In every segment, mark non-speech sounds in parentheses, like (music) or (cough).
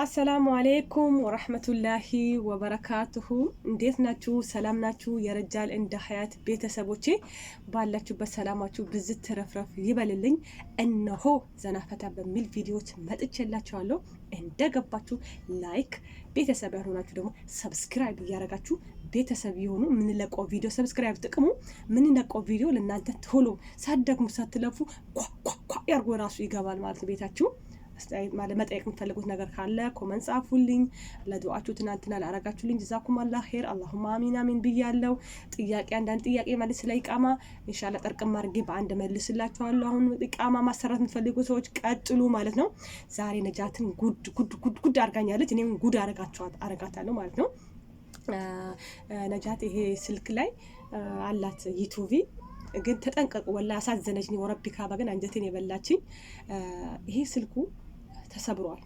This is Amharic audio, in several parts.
አሰላሙ አሌይኩም ወረህመቱላሂ ወበረካቱሁ። እንዴት ናችሁ? ሰላም ናችሁ? የረጃል እንደ ሀያት ቤተሰቦቼ ባላችሁበት ሰላማችሁ ብዝት ትረፍረፍ ይበልልኝ። እነሆ ዘናፈታ በሚል ቪዲዮዎች መጥቼላችኋለሁ። እንደገባችሁ ላይክ፣ ቤተሰብ ያልሆናችሁ ደግሞ ሰብስክራይብ እያረጋችሁ ቤተሰብ የሆኑ የምንለቀው ቪዲዮ ሰብስክራይብ ጥቅሙ የምንለቀው ቪዲዮ ለእናንተ ቶሎ ሳደግሙ ሳትለፉ ኳኳኳ ያርጎ ራሱ ይገባል ማለት ነው ቤታችሁ ማለት መጠየቅ የምትፈልጉት ነገር ካለ ኮመን ጻፉልኝ። ለዱዓችሁ ትናንትና ላረጋችሁልኝ ጀዛኩም አላህ ኸይር አላሁማ አሚን አሚን ብያለው። ጥያቄ አንዳንድ ጥያቄ ማለት ስለ ኢቃማ ኢንሻላ ጠርቅም አድርጌ በአንድ መልስላችኋለሁ። አሁን ኢቃማ ማሰራት የምትፈልጉ ሰዎች ቀጥሉ ማለት ነው። ዛሬ ነጃትን ጉድ ጉድ ጉድ ጉድ አርጋኛለች። እኔም ጉድ አረጋታለሁ ማለት ነው። ነጃት ይሄ ስልክ ላይ አላት ዩቱቪ ግን ተጠንቀቁ። ወላ አሳዘነች። ወረቢ ካባ ግን አንጀቴን የበላችኝ ይሄ ስልኩ ተሰብሯል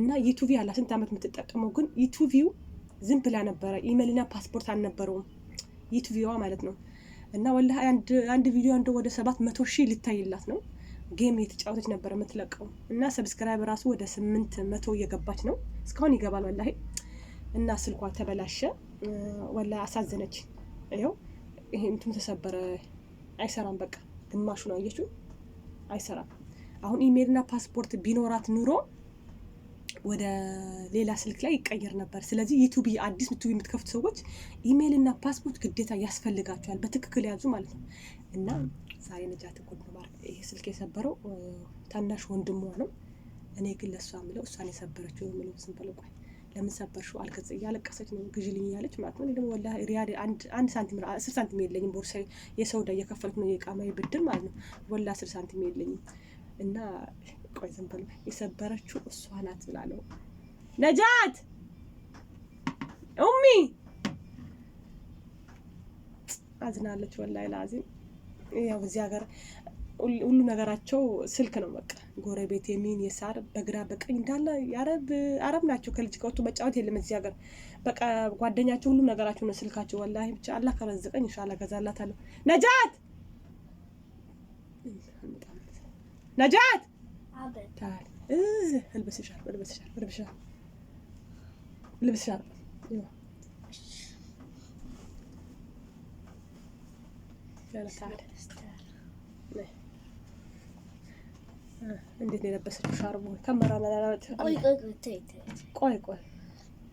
እና ዩቱቪ ያላ ስንት ዓመት የምትጠቀመው ግን ዩቱቪው ዝም ብላ ነበረ። ኢሜልና ፓስፖርት አልነበረውም ዩቱቪዋ ማለት ነው። እና ወላ አንድ ቪዲዮ አንዱ ወደ ሰባት መቶ ሺህ ሊታይላት ነው። ጌም የተጫወተች ነበረ የምትለቀው እና ሰብስክራይብ ራሱ ወደ ስምንት መቶ እየገባች ነው። እስካሁን ይገባል ወላ እና ስልኳ ተበላሸ። ወላ አሳዘነች። ይኸው ይሄ እንትኑ ተሰበረ፣ አይሰራም። በቃ ግማሹ ነው አየችው፣ አይሰራም። አሁን ኢሜልና ፓስፖርት ቢኖራት ኑሮ ወደ ሌላ ስልክ ላይ ይቀየር ነበር። ስለዚህ ዩቱብ አዲስ ዩቱብ የምትከፍቱ ሰዎች ኢሜይልና ፓስፖርት ግዴታ ያስፈልጋቸዋል። በትክክል ያዙ ማለት ነው። እና ዛሬ ነጃት እኮ ይሄ ስልክ የሰበረው ታናሽ ወንድሟ ነው። እኔ ግን ለእሷ ምለው እሷን የሰበረችው የምለው ዝም ብለው ለምን ሰበርሽው አልገጽ እያለቀሰች ነው ግዥልኝ እያለች ማለት ነው። ደግሞ ወላ ሪያድ አንድ ሳንቲም አስር ሳንቲም የለኝም ቦርሳ የሰው ዕዳ እየከፈልኩ ነው የቃማዊ ብድር ማለት ነው። ወላ አስር ሳንቲም የለኝም እና ቆይ ዝም በል የሰበረችው እሷ ናት ብላለው። ነጃት ኡሚ አዝናለች። ወላይ ላዚም ያው እዚህ ሀገር ሁሉ ነገራቸው ስልክ ነው። በቃ ጎረቤት የሚን የሳር በግራ በቀኝ እንዳለ የአረብ አረብ ናቸው። ከልጅ ከወጡ መጫወት የለም እዚህ ሀገር በቃ ጓደኛቸው ሁሉ ነገራቸው ነው ስልካቸው። ወላ ብቻ አላህ ከረዘቀኝ ኢንሻላህ ነጃት ነጃት ታል ልበስ ሻርፕ እንዴት ነው የለበሰችው? ሻርቡ ከመራመላላች ቆይ ቆይ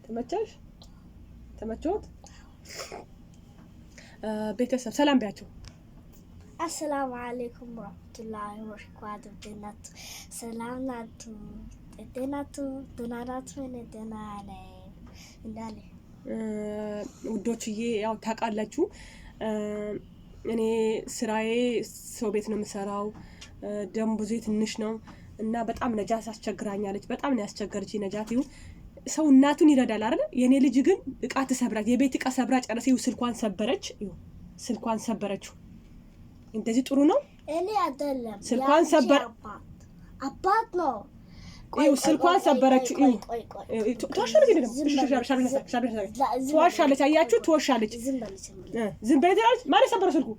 ተመቸሽ? ተመቸዎት? ቤተሰብ ሰላም ቢያቸው አሰላሙ አለይኩም ወራህመቱላሂ ወበረካቱሁ። ደናቱ ሰላም ናቱ ደናቱ ደናናቱ ደና ነኝ እንዳለ ውዶችዬ፣ ያው ታውቃላችሁ እኔ ስራዬ ሰው ቤት ነው የምሰራው። ደንቡዜ ትንሽ ነው እና በጣም ነጃት አስቸግራኛለች። በጣም ነው ያስቸገረች ነጃት ይሁን ሰው እናቱን ይረዳል አይደል? የእኔ ልጅ ግን እቃ ትሰብራች፣ የቤት እቃ ሰብራ ጨረሰ። ስልኳን ሰበረች፣ ስልኳን ሰበረችው። እንደዚህ ጥሩ ነው። እኔ አይደለም ስልኳን ሰበር አባት ነው። ስልኳን ሰበረችው። ትዋሻለች። አያችሁ፣ ትዋሻለች። ዝም በይ ትላለች። ማን የሰበረው ስልኩ?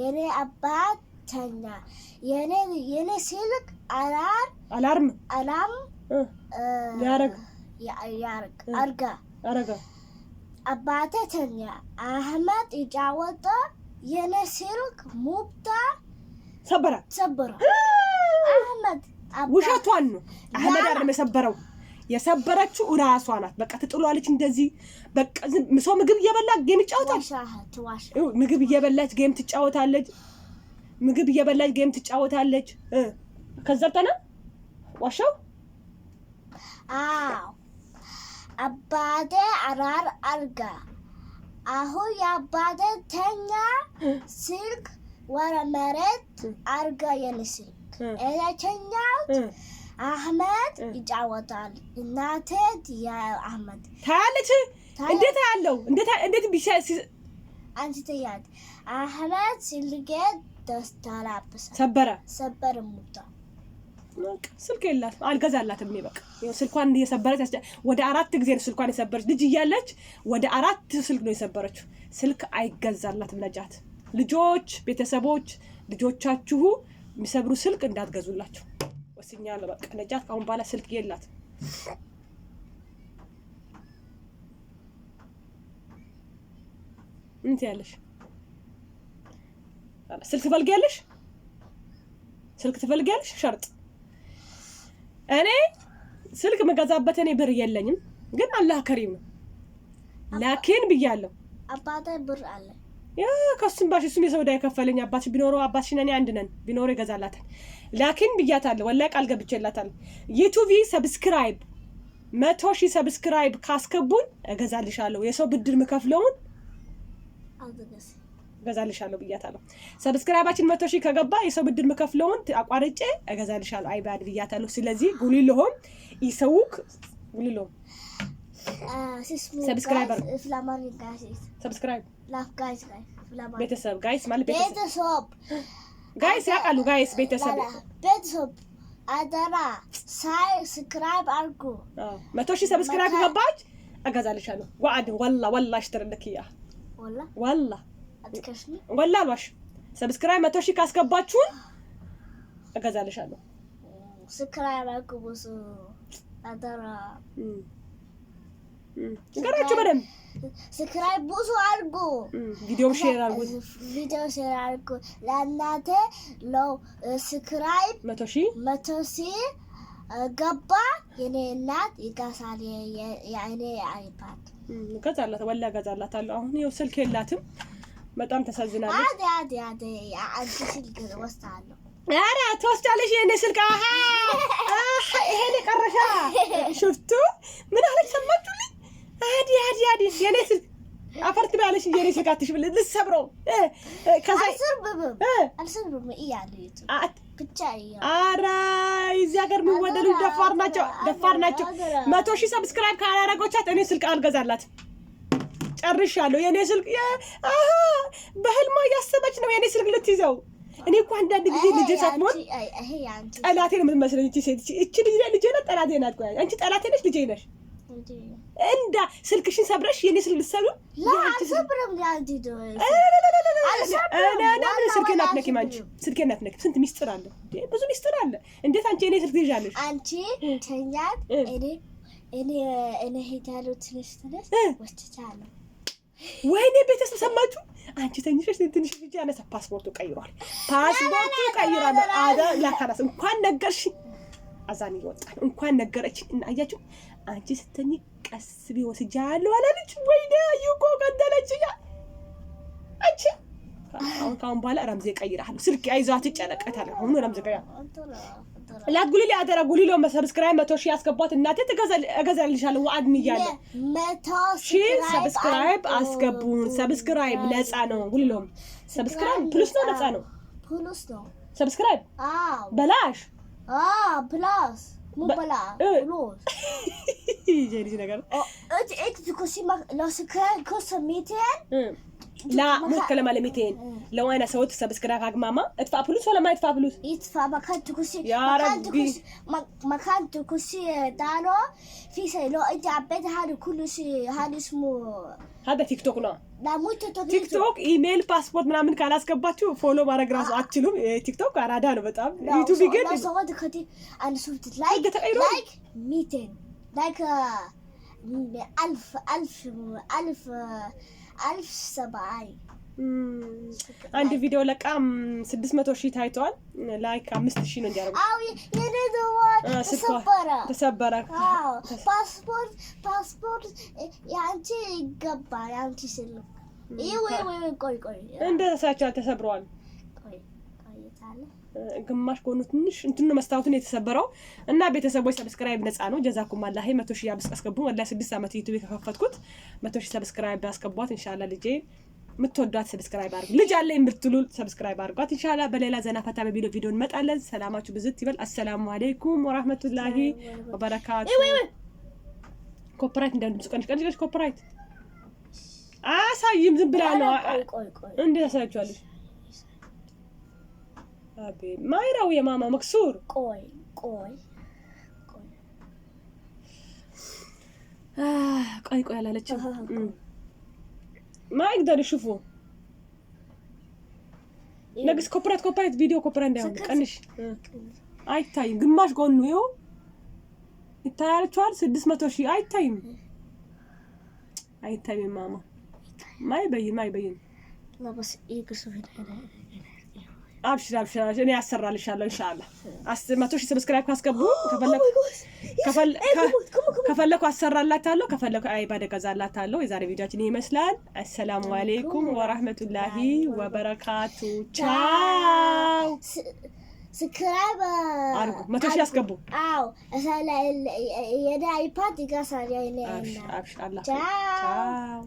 የኔ አባት ተኛ። የኔ ስልክ አላርም አላርም ያረግ አርጋ አረጋ አባተ ተኛ፣ አህመድ ይጫወጠ የኔ ሙብታ ሰበራ ሰበራ። አህመድ ውሸቷን ነው። አህመድ አይደለም የሰበረው፣ የሰበረችው እራሷ ናት። በቃ ትጥሏለች እንደዚህ። በቃ ሰው ምግብ እየበላ ጌም ይጫወታል። ምግብ እየበላች ጌም ትጫወታለች። ምግብ እየበላች ጌም ትጫወታለች። ከዛ ተና ዋሻው አባቴ አራር አርጋ አሁን የአባቴ ተኛ ስልክ ወረ መሬት አርጋ የኔ ስልክ አህመድ ይጫወታል። እናቴ አህመድ ታያለች። እንዴት ያለው እንዴት አንቺ ትያለሽ። አህመድ ስልኬ ደስታ ላብሳ ሰበረ ሰበር ሙታ ስልክ የላት አልገዛላትም። እኔ በቃ ስልኳን እየሰበረች ያስጫ ወደ አራት ጊዜ ስልኳን የሰበረች ልጅ እያለች ወደ አራት ስልክ ነው የሰበረችው። ስልክ አይገዛላትም። ነጃት ልጆች፣ ቤተሰቦች ልጆቻችሁ የሚሰብሩ ስልክ እንዳትገዙላቸው ወስኛለሁ። በቃ ነጃት ከአሁን በኋላ ስልክ የላት። ምን ትያለሽ? ስልክ ትፈልጊያለሽ? ስልክ ትፈልጊያለሽ? ሸርጥ እኔ ስልክ መገዛበት እኔ ብር የለኝም፣ ግን አላህ ከሪም ነው። ላኪን ብያለሁ። አባቴ ብር አለ ያ ከሱም ባሽ እሱም የሰው ዕዳ የከፈለኝ አባት ቢኖረው አባት ሽነኔ አንድ ነን ቢኖረው ይገዛላታል። ላኪን ብያታለሁ። ወላሂ ቃል ገብቼላታለሁ። ዩቱቢ ሰብስክራይብ መቶ ሺህ ሰብስክራይብ ካስከቡን እገዛልሻለሁ። የሰው ብድር ምከፍለውን እገዛልሻለሁ ብያታለሁ። ሰብስክራይባችን መቶ ሺህ ከገባ የሰው ብድር ምከፍለውን አቋርጬ እገዛልሻለሁ አይባድ ብያታለሁ። ስለዚህ ጉሊልሆም ይሰውክ ጉሊልሆም ሰብስክራይበር ቤተሰብ ጋይስ ማለት ቤተሰብ ጋይስ ያውቃሉ። ጋይስ ቤተሰብ ቤተሰብ አደራ ሳይ ስክራይብ አድርጉ። መቶ ሺህ ሰብስክራይብ ገባች እገዛልሻለሁ። ዋአድን ወላ ወላ ሽትርልክያ ወላ ወላ ወላ አልዋሽ ሰብስክራይብ መቶ ሺህ ካስገባችሁን እገዛልሻለሁ። ስክራይብ በደንብ ስክራይብ ብዙ አድርጉ። ቪዲዮ ሼር አድርጉ። ቪዲዮ ሼር አድርጉ። ለእናቴ ለው ስክራይብ መቶ ሺህ መቶ ሺህ ገባ የኔ እናት ይጋሳል። የኔ አይፓድ ገዛላት ወላ ገዛላት አሁን ይኸው ስልክ የላትም በጣም ተሳዝናለች። ኧረ ትወስዳለሽ የእኔ ስልክ ይሄን የቀረሻ ሽፍቱ ምን አለች ሰማችሁልኝ? አዲ አዲ አዲ የእኔ ስልክ አፈርት ባለሽ የእኔ ስልክ አትሽብል ልትሰብረው ኧረ እዚህ ሀገር የሚወደዱ ደፋር ናቸው፣ ደፋር ናቸው። መቶ ሺህ ሰብስክራይብ ካላረጎቻት እኔ ስልክ አልገዛላት ጨርሻለሁ። የእኔ ስልክ በህልማ እያሰበች ነው የእኔ ስልክ ልትይዘው። እኔ እኮ አንዳንድ ጊዜ ልጄ ሳትሞት ጠላቴ ነው የምትመስለኝ እቺ ሴት። እቺ ልጅ ልጄ ናት፣ ጠላቴ ናት። አንቺ ጠላቴ ነሽ፣ ልጄ ነሽ። እንዳ ስልክሽን ሰብረሽ የኔ ስልክ ልትሰብሩ ስልኬን አትነኪም። አንቺ ስልኬን አትነኪም። ስንት ሚስጥር አለ፣ ብዙ ሚስጥር አለ። እንዴት አንቺ የኔ ስልክ ትይዣለሽ? አንቺ ተኛት፣ እኔ እኔ እኔ ሄዳለሁ። ትንሽ ትንሽ ወስቻለሁ ወይኔ ቤተሰብ ሰማችሁ? አንቺ ትንሽ ትንሽ ልጅ ያነሰ ፓስፖርቱ ቀይሯል፣ ፓስፖርቱ ቀይሯል። አዳ ላካላስ እንኳን ነገርሽ አዛን ይወጣል። እንኳን ነገረች። እናያችሁ አንቺ ስተኝ ቀስ ቢወስጃለሁ አላለች። ወይኔ አዩ እኮ ገደለች። አንቺ አሁን ካሁን በኋላ ረምዜ ቀይራለሁ። ስልክ አይዟት ይጨነቀታል። አሁኑ ረምዜ ቀይራ ላትጉልሌ አደራ ጉሊሎ ሰብስክራይብ መቶ ሺህ ያስገባት እናቴ እገዛልሻለሁ። ዋአድ ንያለ ሺህ ሰብስክራይብ አስገቡን። ሰብስክራይብ ነፃ ነው። ጉሊሎም ሰብስክራይብ ፕሉስ ነው ነፃ ነው። ሰብስክራይብ በላሽ ፕላስ (laughs) ነገር لا مو تكلم على 200 لو انا سويت سبسكرايب حق ماما ادفع فلوس ولا ما ادفع فلوس؟ يدفع مكان تكسي يا ربي مكان تكسي دانو في شيء لو انت عبيت هذا كل شيء هذا اسمه هذا ቲክ ቶክ ነው። ቲክ ቶክ ኢሜይል፣ ፓስፖርት ምናምን ካላስገባችሁ ፎሎ ማድረግ ራሱ አትችሉም። ቲክ ቶክ አራዳ ነው በጣም ዩቱብ ግን ላይክ አልፍ አንድ ቪዲዮ ለቃ ስድስት መቶ ሺህ ታይተዋል። ላይክ አምስት ሺህ ነው እንዲያደርጉ ተሰበረ። ፓስፖርት ፓስፖርት የአንቺ ይገባ አንቺ ስል ይህ ወይ ወይ ቆይ ቆይ እንደ ሳቸው ተሰብረዋል ግማሽ ከሆኑ ትንሽ እንትኑ መስታወቱን የተሰበረው እና ቤተሰቦች ሰብስክራይብ ነፃ ነው። ጀዛኩም አላህ መቶ ሺህ አስገቡ። ወላሂ ስድስት ዓመት ዩቱብ የከፈትኩት መቶ ሺህ ሰብስክራይብ አስገቧት። እንሻላ ልጄ የምትወዷት ሰብስክራይብ አርጉ። ልጅ አለ ብትሉ ሰብስክራይብ አርጓት። እንሻላ በሌላ ዘና ፈታ በቪዲዮ ቪዲዮ እንመጣለን። ሰላማችሁ ብዝት ይበል። አሰላሙ አለይኩም ወራህመቱላሂ ወበረካቱ። ኮፒራይት እንዳንድምጽ ቀንሽ ቀንሽ ቀንሽ ኮፒራይት አሳይም ዝም ብላ ነው። እንዴት አሳያችኋለሽ? አቤ ما يراوي يا ماما مكسور قوي قوي قوي آه قوي قوي ما يقدر يشوفه ነግስ ኮፕሬት ኮፕሬት ቪዲዮ ኮፕሬት እንዳይሆን ቀንሽ፣ አይታይም። ግማሽ ጎኑ ይኸው ይታያልችኋል። ስድስት መቶ ሺህ አይታይም፣ አይታይም። ማማ ማይበይን ማይበይን አብሽር አብሽር አብሽር እኔ ያሰራልሻለሁ ኢንሻአላህ። መቶ ሺህ ሰብስክራይብ ካስገቡ ከፈለኩ አሰራላታለሁ፣ ከፈለኩ አይባድ እገዛላታለሁ። የዛሬ ቪዲዮችን ይመስላል። አሰላሙ አሌይኩም ወራህመቱላሂ ወበረካቱ። ቻው። ስክራይብ uh, አርጉ፣ መቶ ሺህ ያስገቡ። አዎ የዳይፓድ ይጋሳል። ቻው